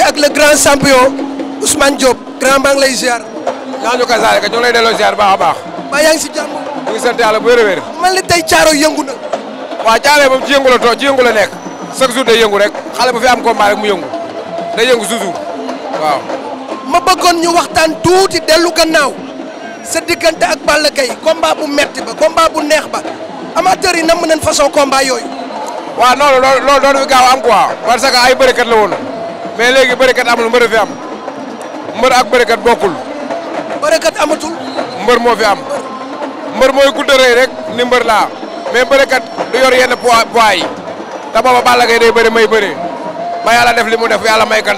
ngi ak le grand champion Ousmane Diop grand baa ngi lay ziar. ñaa ñu ñu lay delloo ziar baax a baax. waaw yaa ngi si jàmm. ñu ngi sant yàlla bu wér a wér. man li tey caaro yëngu na. waaw caaro moom ci yëngu la too ci yëngu la nekk chaque jour day yëngu rek xale bu fi am combat rek mu yëngu day yëngu toujours waaw. ma bëggoon ñu waxtaan tuuti dellu gannaaw sa diggante ak Balla Gaye combat bu metti ba combat bu neex ba amateurs yi namm nañ façon combat yooyu. waaw non loolu loolu doon fi gaaw la mais léegi bërekat amul mbër fi am mbër ak bërekat bokkul. bërekat amatul. mbër moo fi am. mbër mooy gudd rëy rek ni mbër laa mais bërekat du yor yenn poids poids yi te booba Balla Gaye day bëri may bëri ba yàlla def li mu def yàlla may ka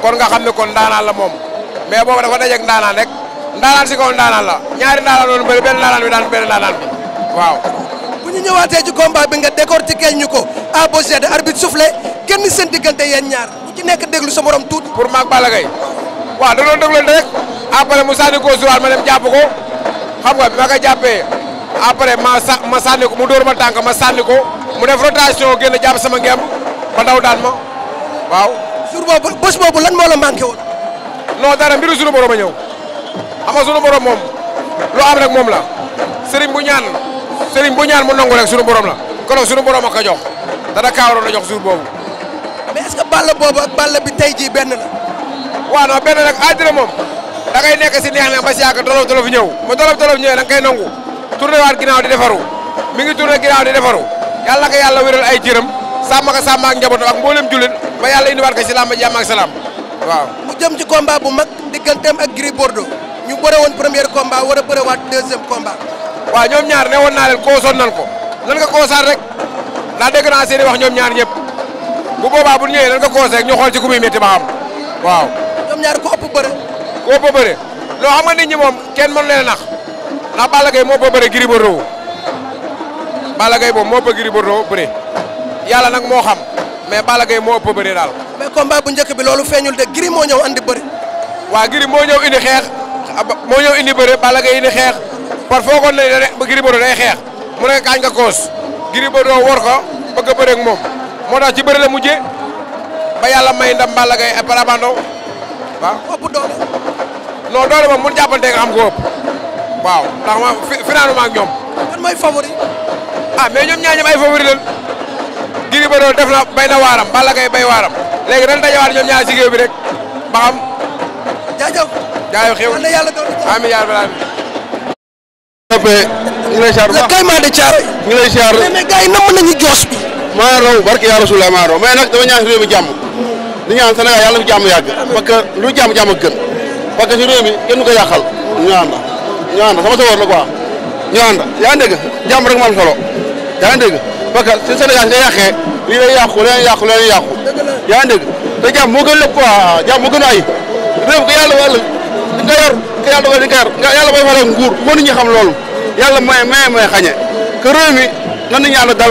kon nga xam ne kon ndaanaan la moom mais booba dafa dajeeg ndaanaan rek ndaanaan si kaw ndaanaan la ñaari ndaanaan doon bëri benn ndaanaan bi daan benn ndaanaan bi waaw. bu ñu ñëwaatee ci combat bi nga décortiquer ñu ko à Bosé de arbitre soufflé kenn ci nekk déglu sa morom tuuti. pour maag Balla Gaye waaw da doon déglu rek après mu sànni ko suwaal ma dem jàpp ko xam nga bi ma ko jàppee après ma sa ma sànni ko mu dóor ma tànk ma sànni ko mu def rotation génn jàpp sama ngemb ma daw daan ma waaw. jour boobu bés boobu lan moo la manqué woon. non dara mbiru sunu borom a ñëw xam nga sunu borom moom lu am rek moom la seriñ bu ñaan sëriñ bu ñaan mu nangu rek sunu borom la kon nag sunu borom a ko jox dana boobu. mais est-ce que Balla boobu ak Balla bi tey jii benn la. waaw non benn nag àddina moom da ngay nekk si neex na ba si yàgg dolof dolof ñëw mu dolof dolof ñëwee da nga koy nangu tourné waat ginnaaw di defaru mi ngi tourné di defaru yàlla ko yàlla wéral ay jërëm sàmm ko sàmm ak njabootam ak mboolem jullit ba yàlla indiwaat ko si làmb jàmm ak salaam waaw. mu jëm ci bu mag digganteem ak Gris Bordeaux ñu bëre woon premier combat war a bërewaat deuxième combat. waaw ñoom ñaar ne woon naa leen koosoon nan ko wax ñoom ñaar ñëpp bu boobaa bu ñëwee dañ ko conseillé ci ku muy métti waaw. ñoom ñaar ku ëpp bëre. ku ëpp bëre loo xam nga nit ñi a nax ndax Balla Gaye moo ëpp bëre Gris Bordeaux Balla Gaye moom moo ëpp Gris Bordeaux bëre yàlla nag moo xam mais Balla Gaye moo ëpp bëre daal. mais njëkk bi loolu feeñul de Gris moo ñëw andi bëre. waa Gris moo ñëw indi xeex moo ñëw indi bëre Balla Gaye indi xeex par foogoon nañ ne Gris Bordeaux day xeex mu ne kaañ nga koos Gris Bordeaux war ko moo tax ci bëri la mujjee ba yàlla may ndam Balla Gaye ak waaw. ëpp doole. non doole moom mun jàppante nga am ko waaw ndax ma finalement ak ñoom. man ah, ñoom ñaar ñoom ay favori lañ. Gris def na bay na waaram Balla Gaye bay waaram. léegi dañ dajawaat ñoom ñaar si géew rek ba xam. jaajëf. jaajëf xew na bi. maa raw barke yaa rasulullah maa raw mais nag dama ñaan réew mi jàmm di ñaan Sénégal yàlla fi jàmm yàgg parce que lu jàmm jàmm ak gën parce que si réew mi kenn du ko yàqal ñu ànd ñu ànd sama sawoor la quoi ñu ànd yaa ngi dégg jàmm rek ma am solo yaa ngi dégg parce que si Sénégal si yàqee lii lay yàqu leen yàqu leen yàqu yaa ngi dégg te jàmm moo gën lépp quoi jàmm moo gën ay réew ko yàlla wàll di nga yor ko yàlla wàll di nga yor yàlla xañe que réew mi nan la ñu ànd daal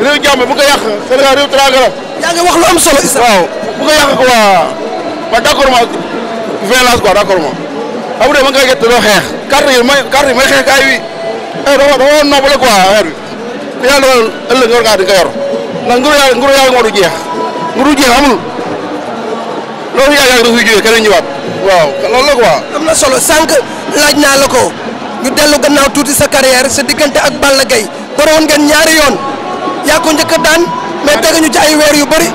réew jàmm bu yàq Sénégal réew teraanga la. yaa ngi wax lu am solo. waaw bu ko yàq quoi man d' accord ma violence eh, quoi d' waaw loolu la solo sànq laaj naa la ko ñu dellu gannaaw tuuti sa carrière sa diggante ak Balla Gaye borowoon ngeen ñaari yoon. yaa ko njëkk a daan mais teg ñu ci ay weer yu bëri.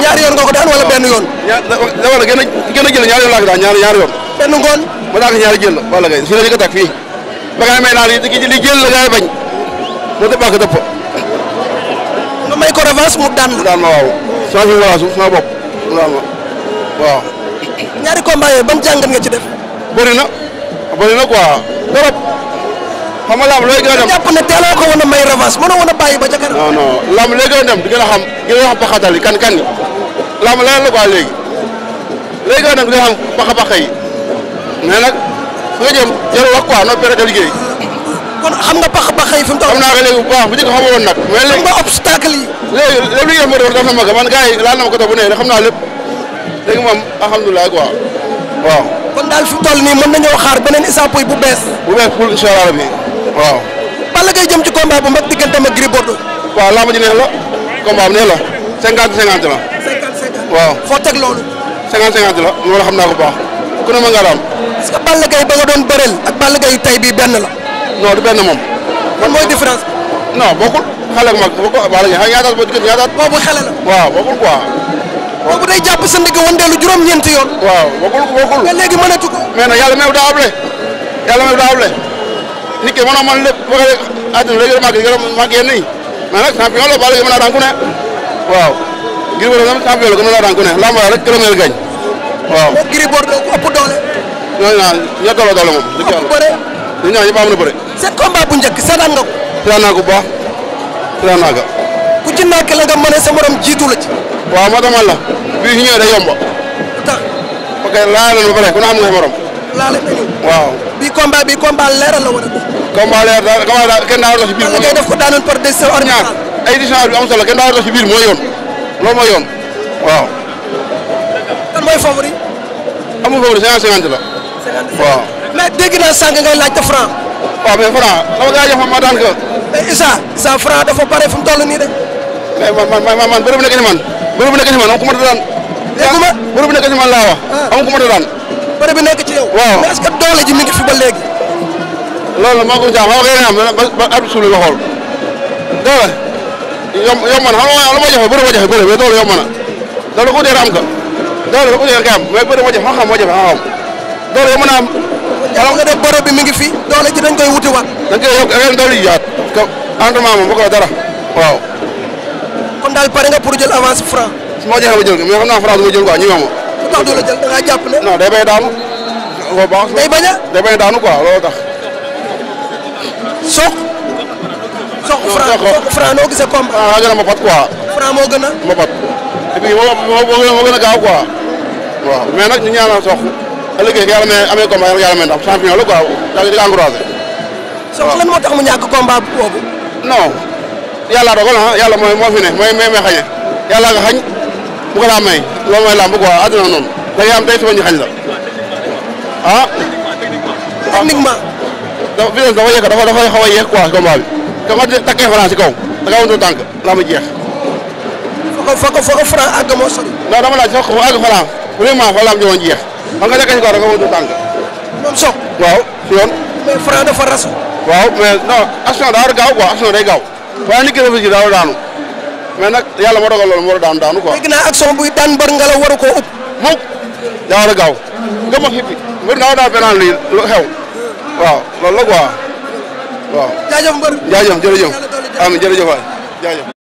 ñaari yoon nga ko daan wala benn yoon. ñaar da war a gën a gën a jël ñaari yoon laa ko daan ñaari ñaari yoon. benn ngoon. ma daan ko ñaari jël la wala kay fii la ñu ko teg fii. ba ngay may naan li jël la ngay bañ. moo tax baax ko dëpp. nga may ko revanche mu daan la. daan ma waaw changé wala suuf ma waaw. ñaari combat ban jàngat nga ci def. bëri na bëri na quoi trop. xam nga lam looy gën a dem jàpp ne teeloo ko woon a may revanche mën a woon a bàyyi ba ca kanam. non non looy gën a dem di gën a a xam kan kan yi lam leneen la quoi léegi looy gën a dem di nga xam paxa nag fu nga jëm jarul wax quoi noo pere de xam nga paxa-paxa yi fi mu naa ko léegi bu baax bu njëkk xamuloon nag. mais léegi xam nga obstacle yi. a def daf na ma ko man gars yi laal na ma ko tax bu xam naa lépp léegi moom alhamdulilah quoi waaw. kon daal fi mu toll nii mën nañoo xaar beneen Issa bu bees. bu bees pour incha allah rabbi waaw. Balla Gaye jëm ci combat bu mag digganteem ak Gris Bordeaux. waaw laa ma ji neex la. combat am neex la. cinquante cinquante la. cinquante waaw. foo teg loolu. cinquante cinquante la loolu xam naa ko baax. ku ne ma nga daam. est Balla Gaye ba doon bëreel ak Balla Gaye tey bii benn la. non du benn moom. man mooy différence bi. non bokkul xale ak mag bu ko Balla Gaye ñaataat ba diggante ñaataat. boobu xale waaw bokkul quoi. boobu day jàpp sa ndigg wandeelu juróom-ñeenti yoon. waaw bokkul bokkul. mais léegi mënatu ko. mais nit ki mënoo mën lépp bëgg a àdduna léegi la màgg léegi la màgg yenn yi mais nag champion la Balla Gaye mën naa daan ku ne waaw Gris Bordeaux tam champion la rek gërëm na gañ waaw. Gris Bordeaux ku ëpp doole. ñooñu naan ñoo tolloo doole moom. dëgg yàlla ëpp bëre. ñun na bëre. seen combat bu njëkk seetaan nga ko. naa ko bu baax naa ko. ku ci nekk la nga mën a sa morom jiitu la ci. waaw la bii ñu ñëwee day yomb. tax parce na lu ku ne am nga laale nañu. waaw bi combat bi combat leeral la war a def. combat leer daal combat daal kenn daawul dox ci biir. moo yoon daf ko daanoon par décision ordinale. ay décision bi am solo kenn daawul dox ci biir mooy yoon loolu mooy yoon waaw. kan mooy favori. amul favori cinquante cinquante la. waaw. mais dégg naa sànq ngay laajte franc. waaw mais franc sama gars yi ma ma daan ko. mais Issa sa franc dafa bare fu mu toll nii de. mais man man man man bëri bu nekk ni man. bëri bu nekk ni man am ku ma daan. dégg nga bëri bu nekk ni man laa wax. Ah. am ku ma daan. bëre bi nekk ci yow. waaw mais est-ce que doole ji mi ngi fi ba léegi. loolu maa ko jaaxal maa ko yéene am ba ba ab suul nga xool doole yom doole ku dee am ka doole ku dee nga am ma jafe xam-xam moo jafe xam-xam doole yomb am. yàlla nga def bi mi ngi fi doole ji dañ koy wutiwaat. dañ koy yokk ak doole yi yaat ka entraînement moom dara waaw. kon daal pare nga pour jël avance franc. su ma jafe ma jël ko mais xam naa franc du jël quoi ñu wax lu tax doo la da ngaa daanu. bu baax day bañ a. day bay daanu quoi loolu tax. soq. soq Franc soq Franc noo gisee combat. ah gën a mbapat quoi. Franc moo gën a. mbapat et puis moo moo a gaaw quoi. moo tax ah. mooy mooy may may xañe yàlla nga bu ko laa may loolu mooy làmb quoi àdduna am tey suba xañ la ah. techniquement. dafa violence dafa yegg dafa dafa xaw a yegg quoi takkee France si kaw da ngaa wëntu tànk làmb jeex. foo ko foo ko France àgg moo sori. takkee si kaw da nga wëntu tànk. moom soog. waaw si yoon. mais France dafa rasu. waaw mais non action daa a gaaw quoi action day gaaw waaye nit ki réfléchir daa war a daanu. mais nag yàlla moo dogal loolu mu war a daanu daanu quoi. dégg naa daan mbër nga la waru koo ëpp. moom daa war a gaaw nga daa war a benaan lii lu loolu la quoi waaw. jaajëf mbër jaajëf jërëjëf amiin jërëjëf